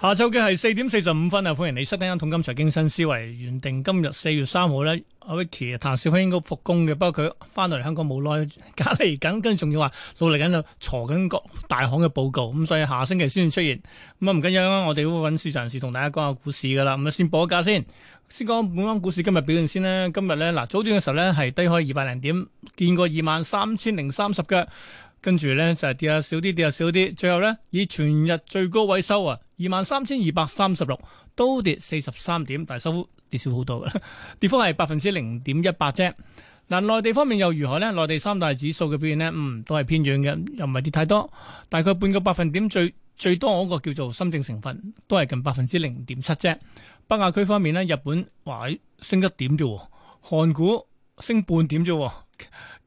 下晝嘅係四點四十五分啊！歡迎你，收聽《一桶金財經新思維》。原定今日四月三號呢，阿 Vicky 譚少卿應該復工嘅，不過佢翻到嚟香港冇耐，隔離緊，跟住仲要話努力緊，就坐緊各大行嘅報告，咁所以下星期先至出現。咁啊，唔緊要啦，我哋會揾市場人士同大家講下股市噶啦。咁啊，先報個價先。先講本港股市今日表現先咧。今日呢，嗱早段嘅時候呢，係低開二百零點，見過二萬三千零三十嘅。跟住咧成日跌下少啲，跌下少啲，最後咧以全日最高位收啊，二萬三千二百三十六，都跌四十三點，但係收跌少好多嘅，跌幅係百分之零點一八啫。嗱、呃，內地方面又如何咧？內地三大指數嘅表現咧，嗯，都係偏軟嘅，又唔係跌太多，大概半個百分點最最多嗰個叫做深證成分都係近百分之零點七啫。北亞區方面咧，日本話升一點啫，韓股升半點啫。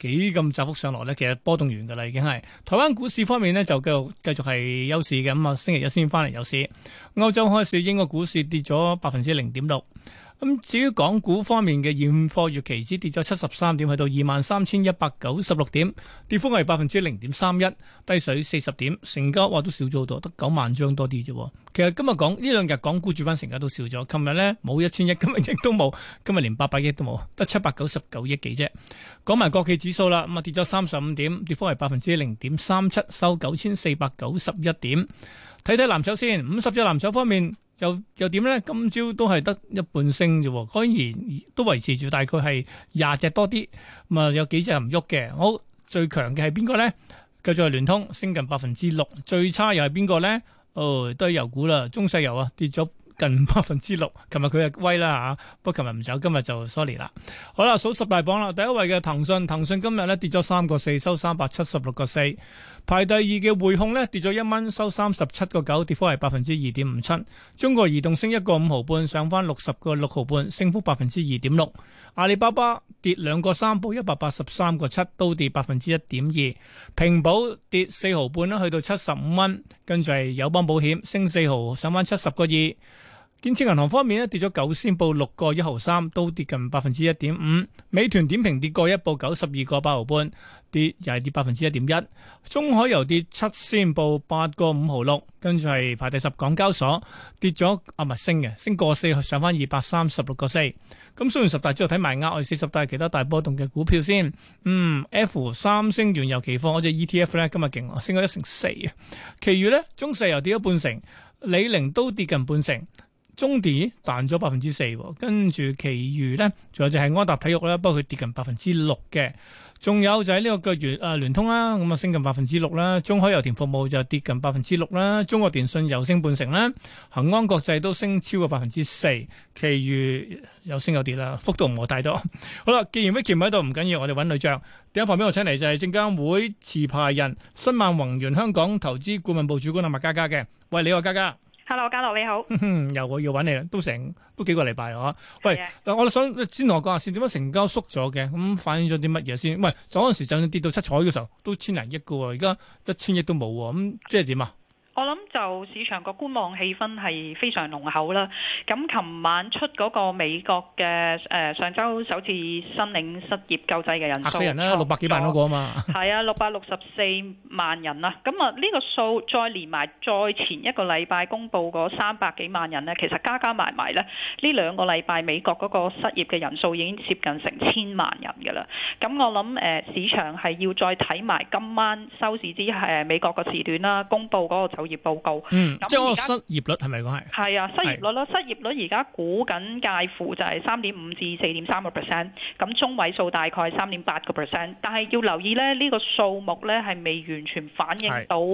幾咁振幅上來咧，其實波動完噶啦，已經係台灣股市方面咧，就繼續繼續係休市嘅，咁啊星期一先翻嚟有市。歐洲開市，英國股市跌咗百分之零點六。咁至於港股方面嘅現貨月期指跌咗七十三點，去到二萬三千一百九十六點，跌幅係百分之零點三一，低水四十點，成交話都少咗好多，得九萬張多啲啫。其實今日講呢兩日港股主板成交都少咗，琴日呢，冇一千億，今日亦都冇，今日連八百億都冇，得七百九十九億幾啫。講埋國企指數啦，咁啊跌咗三十五點，跌幅係百分之零點三七，收九千四百九十一點。睇睇藍籌先，五十隻藍籌方面。又又點咧？今朝都係得一半升啫喎，當然都維持住大概係廿隻多啲，咁啊有幾隻唔喐嘅。好，最強嘅係邊個咧？繼續係聯通，升近百分之六。最差又係邊個咧？哦，都係油股啦，中石油啊，跌咗近百分之六。琴日佢係威啦嚇，不過琴日唔走，今日就 sorry 啦。好啦，數十大榜啦，第一位嘅騰訊，騰訊今日咧跌咗三個四，收三百七十六個四。排第二嘅匯控呢，跌咗一蚊，收三十七個九，跌幅係百分之二點五七。中國移動升一個五毫半，上返六十個六毫半，升幅百分之二點六。阿里巴巴跌兩個三，報，一百八十三個七，都跌百分之一點二。平保跌四毫半啦，去到七十五蚊。跟住，係友邦保險升四毫，上返七十個二。建設銀行方面咧跌咗九仙，報六個一毫三，都跌近百分之一點五。美團點評跌過一，報九十二個八毫半，跌又係跌百分之一點一。中海油跌七仙，報八個五毫六，跟住係排第十。港交所跌咗啊，唔係升嘅，升過四，上翻二百三十六個四。咁雖然十大之後睇埋額外四十大其他大波動嘅股票先。嗯，F 三星原油期貨我隻 E T F 咧今日勁升咗一成四啊。其餘咧中石油跌咗半成，李寧都跌近半成。中電跌淡咗百分之四，跟住其餘咧，仲有就係安踏體育咧，不過佢跌近百分之六嘅，仲有就喺呢個個月啊，聯通啦，咁、嗯、啊升近百分之六啦，中海油田服務就跌近百分之六啦，中國電信又升半成啦，恒安國際都升超過百分之四，其餘有升有跌啦，幅度唔係太多。好啦，既然 Vicky 唔喺度，唔緊要，我哋揾女將第一旁邊我請嚟，就係證監會持牌人新萬宏源香港投資顧問部主管阿麥嘉嘉嘅。喂，你啊嘉嘉。佳佳 hello，家樂你好，又 啊，要揾你啊，都成都幾個禮拜嗬、啊，喂、呃，我想先同我講下先，點解成交縮咗嘅，咁、嗯、反映咗啲乜嘢先？喂，嗰陣時就跌到七彩嘅時候都千零億喎。而家一千億都冇，咁、嗯、即係點啊？我諗就市場個觀望氣氛係非常濃厚啦。咁琴晚出嗰個美國嘅誒上週首次申領失業救濟嘅人數，嚇死人啦！六百幾萬嗰個啊嘛，係 啊，六百六十四萬人啊。咁啊，呢個數再連埋再前一個禮拜公佈嗰三百幾萬人呢，其實加加埋埋呢，呢兩個禮拜美國嗰個失業嘅人數已經接近成千萬人㗎啦。咁我諗誒市場係要再睇埋今晚收市之誒美國個時段啦，公佈嗰個就。業報告，嗯，即係失業率係咪講係？係啊，失業率啦，失業率而家估緊介乎就係三點五至四點三個 percent，咁中位數大概三點八個 percent，但係要留意咧，呢個數目咧係未完全反映到個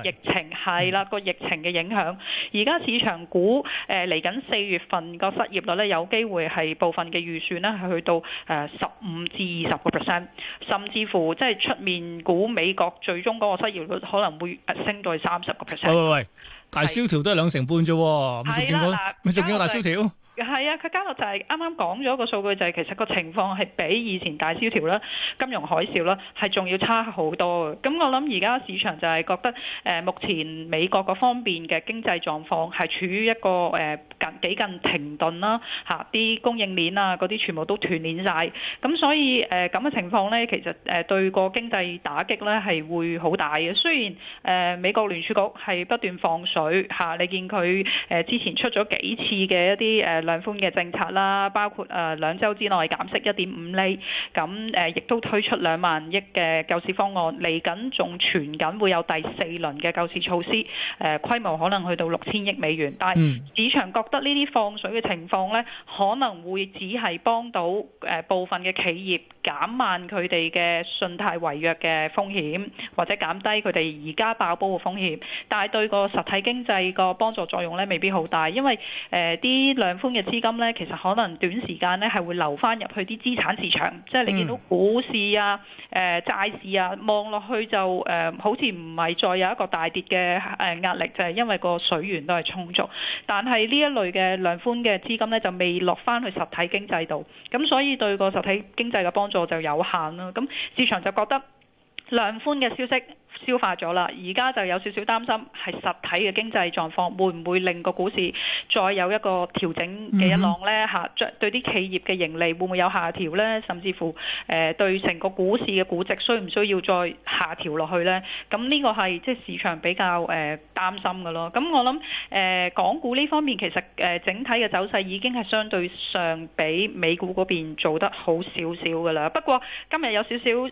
疫情，係啦個，啊那個疫情嘅影響。而家市場估誒嚟緊四月份個失業率咧，有機會係部分嘅預算咧係去到誒十五至二十個 percent，甚至乎即係出面估美國最終嗰個失業率可能會升到去三十。喂喂喂！大蕭條都係兩成半啫喎，你仲見過？你仲見過大蕭條？係啊，佢加落就係啱啱講咗個數據，就係、是、其實個情況係比以前大蕭條啦、金融海嘯啦係仲要差好多嘅。咁我諗而家市場就係覺得誒，目前美國個方面嘅經濟狀況係處於一個誒近幾近停頓啦，嚇、啊、啲供應鏈啊嗰啲全部都斷鏈晒。咁所以誒咁嘅情況咧，其實誒對個經濟打擊咧係會好大嘅。雖然誒、啊、美國聯儲局係不斷放水嚇、啊，你見佢誒之前出咗幾次嘅一啲誒。量寬嘅政策啦，包括兩週、呃、之內減息一點五厘，咁、呃、亦都推出兩萬億嘅救市方案，嚟緊仲傳緊會有第四輪嘅救市措施，規、呃、模可能去到六千億美元。但係市場覺得呢啲放水嘅情況可能會只係幫到、呃、部分嘅企業減慢佢哋嘅信貸違約嘅風險，或者減低佢哋而家爆煲嘅風險，但係對個實體經濟個幫助作用呢未必好大，因為誒啲量寬，呃嘅資金咧，其實可能短時間咧係會流翻入去啲資產市場，即係你見到股市啊、誒、呃、債市啊，望落去就誒、呃、好似唔係再有一個大跌嘅誒壓力，就係、是、因為個水源都係充足。但係呢一類嘅量寬嘅資金咧，就未落翻去實體經濟度，咁所以對個實體經濟嘅幫助就有限啦。咁市場就覺得量寬嘅消息消化咗啦，而家就有少少擔心係實體嘅經濟狀況會唔會令個股市再有一個調整嘅一浪咧嚇？對啲企業嘅盈利會唔會有下調咧？甚至乎誒，對成個股市嘅估值需唔需要再下調落去咧？咁、這、呢個係即係市場比較誒擔心嘅咯。咁我諗誒港股呢方面其實誒整體嘅走勢已經係相對上比美股嗰邊做得好少少㗎啦。不過今日有少少誒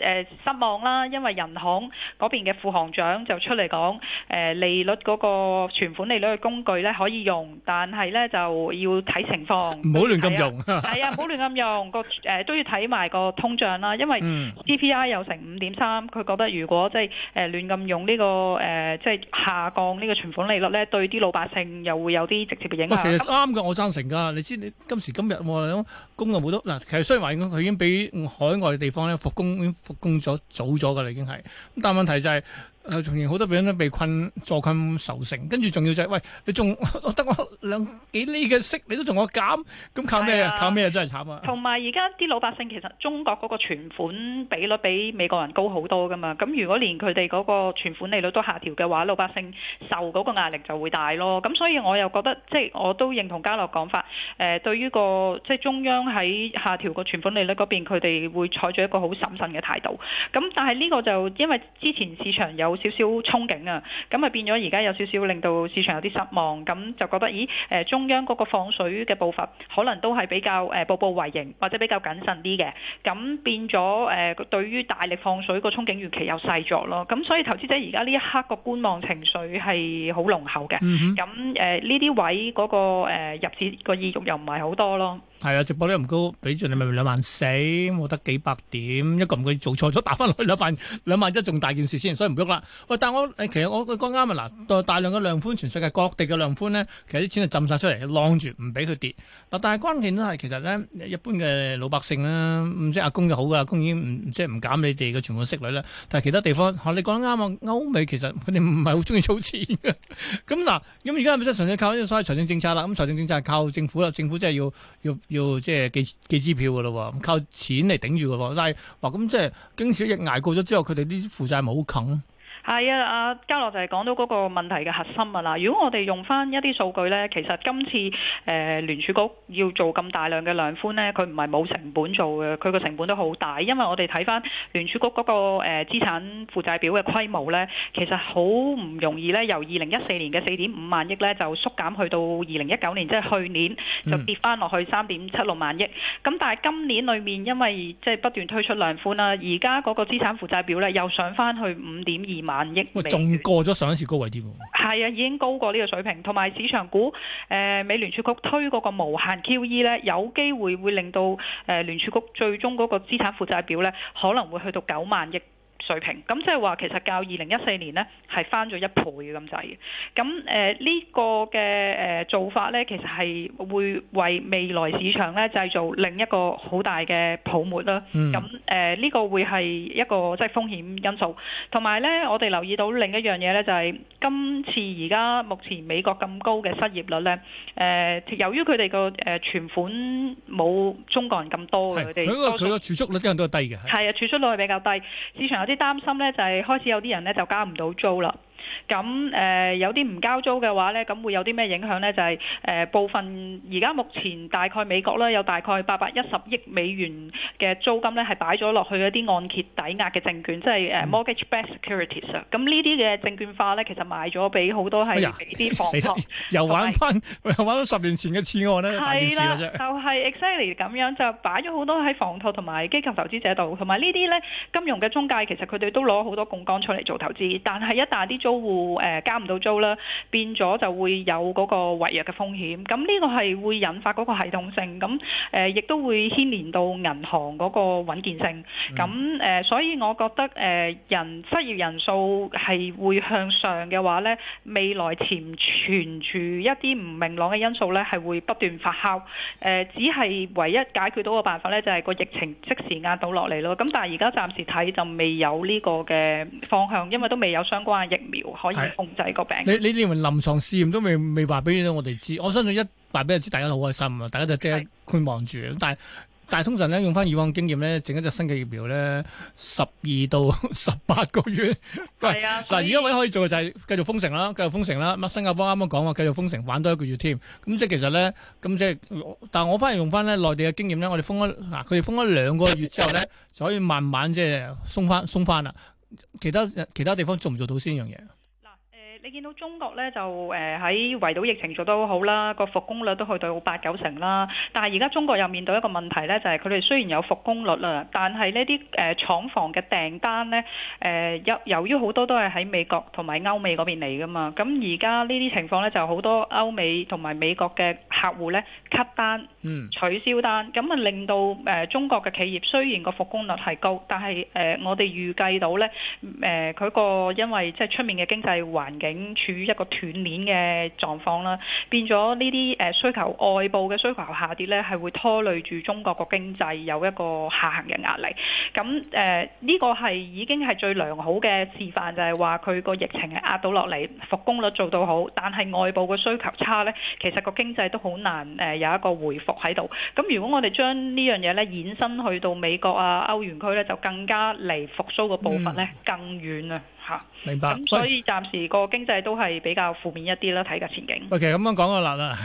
誒。失望啦，因為人行嗰邊嘅副行長就出嚟講，誒利率嗰個存款利率嘅工具咧可以用，但係咧就要睇情況。唔好亂咁用，係啊，唔好亂咁用個，誒都要睇埋個通脹啦，因為 CPI 有成五點三，佢覺得如果即係誒亂咁用呢個誒即係下降呢個存款利率咧，對啲老百姓又會有啲直接嘅影響。其實啱㗎，我贊成㗎。你知你今時今日我諗工就冇得嗱，其實雖然話已經佢已經俾海外嘅地方咧復工復工咗。早咗㗎，啦，已經係。咁但係問題就係、係。誒，仲然好多俾人都被困坐困愁城，跟住仲要就係、是，喂，你仲我得我兩幾釐嘅息，你都同我減，咁靠咩啊？靠咩啊？真係慘啊！同埋而家啲老百姓其實中國嗰個存款比率比美國人高好多噶嘛，咁如果連佢哋嗰個存款利率都下調嘅話，老百姓受嗰個壓力就會大咯。咁所以我又覺得，即係我都認同家樂講法，誒、呃，對於個即係中央喺下調個存款利率嗰邊，佢哋會採取一個好審慎嘅態度。咁但係呢個就因為之前市場有少少憧憬啊，咁啊變咗而家有少少令到市場有啲失望，咁就覺得咦誒中央嗰個放水嘅步伐可能都係比較誒步步為營或者比較謹慎啲嘅，咁變咗誒對於大力放水個憧憬預期又細咗咯，咁所以投資者而家呢一刻個觀望情緒係好濃厚嘅，嗯哼，咁誒呢啲位嗰個誒入市個意欲又唔係好多咯。係啊，直播率又唔高，俾咗你咪兩萬四，冇得幾百點，一撳佢做錯咗打翻落去兩萬兩萬一，仲大件事先，所以唔喐啦。喂，但我其實我佢講啱啊，嗱，大量嘅量寬全世界各地嘅量寬呢，其實啲錢係浸晒出嚟，晾住唔俾佢跌。嗱，但關係關鍵都係其實呢，一般嘅老百姓啦，唔知阿公就好噶啦，阿公已經唔即係唔減你哋嘅存款息率啦。但係其他地方，你講得啱啊，歐美其實佢哋唔係好中意儲錢嘅。咁 嗱，咁而家係咪真係純粹靠呢個所謂財政政策啦。咁財政政策係靠政府啦，政府真係要要。要要即係寄寄支票噶咯，靠錢嚟頂住噶喎。但係話咁即係經此一役捱過咗之後，佢哋啲負債咪好近？係啊，阿嘉樂就係講到嗰個問題嘅核心啊啦。如果我哋用翻一啲數據呢，其實今次誒、呃、聯儲局要做咁大量嘅量寬呢，佢唔係冇成本做嘅，佢個成本都好大。因為我哋睇翻聯儲局嗰、那個、呃、資產負債表嘅規模呢，其實好唔容易呢，由二零一四年嘅四點五萬億呢，就縮減去到二零一九年即係、就是、去年就跌翻落去三點七六萬億。咁、嗯、但係今年裏面因為即係、就是、不斷推出量寬啦，而家嗰個資產負債表呢，又上翻去五點二萬萬億，仲過咗上一次高位啲喎、啊，係啊，已經高過呢個水平。同埋市場估、呃，美聯儲局推嗰個無限 QE 咧，有機會會令到誒、呃、聯儲局最終嗰個資產負債表咧，可能會去到九萬億。水平咁即係話，其實較二零一四年咧係翻咗一倍咁滯嘅。咁誒呢個嘅誒做法咧，其實係會為未來市場咧製造另一個好大嘅泡沫啦。咁誒呢個會係一個即係風險因素。同埋咧，我哋留意到另一樣嘢咧，就係今次而家目前美國咁高嘅失業率咧，誒由於佢哋個誒存款冇中國人咁多嘅，佢哋佢個佢個儲蓄率都係低嘅。係啊，儲蓄率係比較低，市場。有啲擔心咧就係開始有啲人咧就交唔到租啦。咁、呃、有啲唔交租嘅話咧，咁會有啲咩影響咧？就係、是呃、部分而家目前大概美國咧有大概八百一十億美元嘅租金咧，係擺咗落去一啲按揭抵押嘅證券，即係 mortgage-backed securities 咁、嗯、呢啲嘅證券化咧，其實買咗俾好多係啲、哎、房託，又玩翻又玩翻十年前嘅次按咧。係啦，就係、是、exactly 咁樣，就擺咗好多喺房託同埋基金投資者度，同埋呢啲咧金融嘅中介，其實佢哋都攞好多槓桿出嚟做投資，但係一旦啲租戶誒交唔到租啦，變咗就會有嗰個違約嘅風險。咁呢個係會引發嗰個系統性，咁誒亦都會牽連到銀行嗰個穩健性。咁誒，所以我覺得誒人失業人數係會向上嘅話咧，未來潛存住一啲唔明朗嘅因素咧，係會不斷發酵。誒，只係唯一解決到嘅辦法咧，就係個疫情即時壓到落嚟咯。咁但係而家暫時睇就未有呢個嘅方向，因為都未有相關嘅疫。可以控制個病。你你連臨床試驗都未未話俾我哋知？我相信一話俾你知，大家都好，大家好開心啊！大家就即係觀望住。但係但係通常咧，用翻以往經驗咧，整一隻新嘅疫苗咧，十二到十八個月。係啊。嗱，而家位可以做嘅就係繼續封城啦，繼續封城啦。乜新加坡啱啱講話繼續封城，玩多一個月添。咁即係其實咧，咁即係，但係我反而用翻咧內地嘅經驗咧，我哋封咗嗱，佢哋封咗兩個月之後咧，就可以慢慢即係鬆翻鬆翻啦。其他其他地方做唔做到先呢樣嘢啊？你見到中國咧就喺圍堵疫情做得好好啦，個復工率都去到八九成啦。但係而家中國又面對一個問題咧，就係佢哋雖然有復工率啦，但係呢啲廠房嘅訂單咧由由於好多都係喺美國同埋歐美嗰邊嚟噶嘛，咁而家呢啲情況咧就好多歐美同埋美國嘅客戶咧 cut 單，嗯，取消單，咁啊令到中國嘅企業雖然個復工率係高，但係我哋預計到咧佢個因為即係出面嘅經濟環境。處於一個斷鏈嘅狀況啦，變咗呢啲誒需求外部嘅需求下跌咧，係會拖累住中國個經濟有一個下行嘅壓力。咁誒呢個係已經係最良好嘅示範，就係話佢個疫情係壓到落嚟，復工率做到好，但係外部嘅需求差咧，其實個經濟都好難誒有一個回復喺度。咁如果我哋將呢樣嘢咧延伸去到美國啊歐元區咧，就更加離復甦嘅部分咧、嗯、更遠啊！明白。咁所以暫時個經濟都係比較負面一啲啦，睇嘅前景。OK，其實咁樣講咗啦，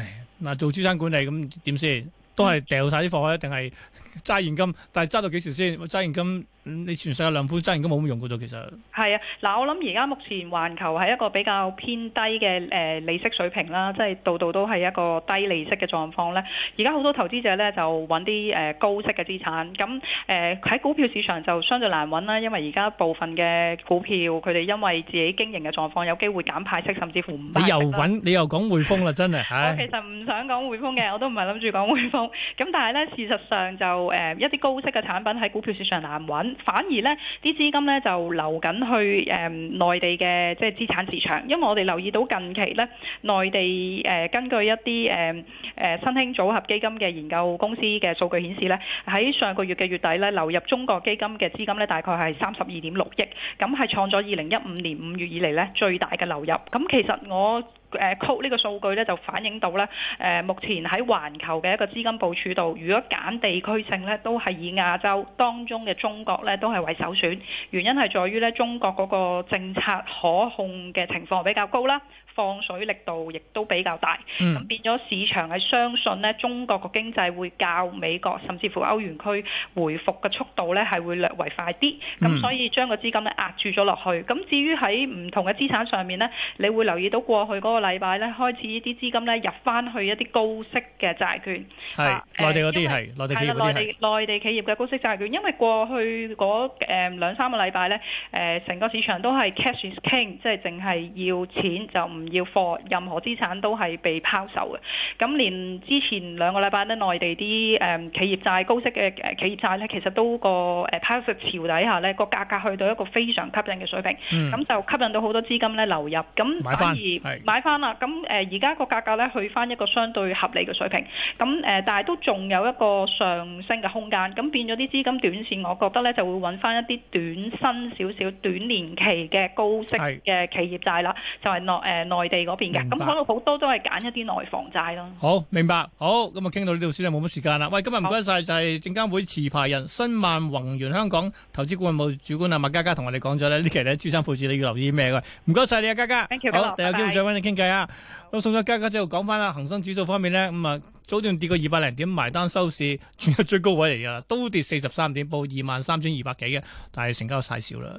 嗱，做資產管理咁點先？都係掉晒啲貨，咧，定係？揸現金，但係揸到幾時先？揸現金、嗯，你全世界兩款揸現金冇咁用嘅啫，其實。係啊，嗱，我諗而家目前環球係一個比較偏低嘅誒、呃、利息水平啦，即係度度都係一個低利息嘅狀況咧。而家好多投資者咧就揾啲誒高息嘅資產，咁誒喺股票市場就相對難揾啦，因為而家部分嘅股票佢哋因為自己經營嘅狀況，有機會減派息甚至乎唔派息。你又揾你又講匯豐啦，真係。 我其實唔想講匯豐嘅，我都唔係諗住講匯豐，咁 但係咧，事實上就。誒一啲高息嘅產品喺股票市場難揾，反而呢啲資金呢就流緊去誒內地嘅即係資產市場，因為我哋留意到近期呢內地誒根據一啲誒誒新興組合基金嘅研究公司嘅數據顯示呢，喺上個月嘅月底呢流入中國基金嘅資金呢大概係三十二點六億，咁係創咗二零一五年五月以嚟呢最大嘅流入，咁其實我。誒曲呢個數據咧就反映到咧，誒目前喺環球嘅一個資金部署度，如果揀地區性咧，都係以亞洲當中嘅中國咧都係為首選，原因係在於咧中國嗰個政策可控嘅情況比較高啦。放水力度亦都比較大，咁變咗市場係相信咧，中國個經濟會較美國甚至乎歐元區回復嘅速度咧係會略為快啲，咁所以將個資金咧壓住咗落去。咁至於喺唔同嘅資產上面咧，你會留意到過去嗰個禮拜咧開始啲資金咧入翻去一啲高息嘅債券，係內地嗰啲係內地企業嘅，係內地內地企業嘅高息債券，因為過去嗰誒兩三個禮拜咧，誒成個市場都係 cash is king，即係淨係要錢就唔。唔要貨，任何資產都係被拋售嘅。咁連之前兩個禮拜咧，內地啲誒企業債高息嘅企業債咧，其實都個誒拋售潮底下咧，個價格去到一個非常吸引嘅水平。咁就吸引到好多資金咧流入。咁反而買翻啦。咁誒而家個價格咧去翻一個相對合理嘅水平。咁誒但係都仲有一個上升嘅空間。咁變咗啲資金短線，我覺得咧就會揾翻一啲短新少少、短年期嘅高息嘅企業債啦。就係落誒。內地嗰邊嘅，咁可能好多都係揀一啲內房債咯。好，明白。好，咁啊，傾到呢度先啦，冇乜時間啦。喂，今日唔該晒，就係證監會持牌人申萬宏源香港投資顧問部主管啊麥嘉嘉，同我哋講咗咧呢期咧資產配置你要留意咩嘅？唔該晒你啊，嘉嘉。好，第二有機會再搵你傾偈啊。咁送咗嘉嘉之後，講翻啦，恒生指數方面咧，咁啊早段跌過二百零點，埋單收市，全日最高位嚟噶啦，都跌四十三點，報二萬三千二百幾嘅，但係成交太少啦。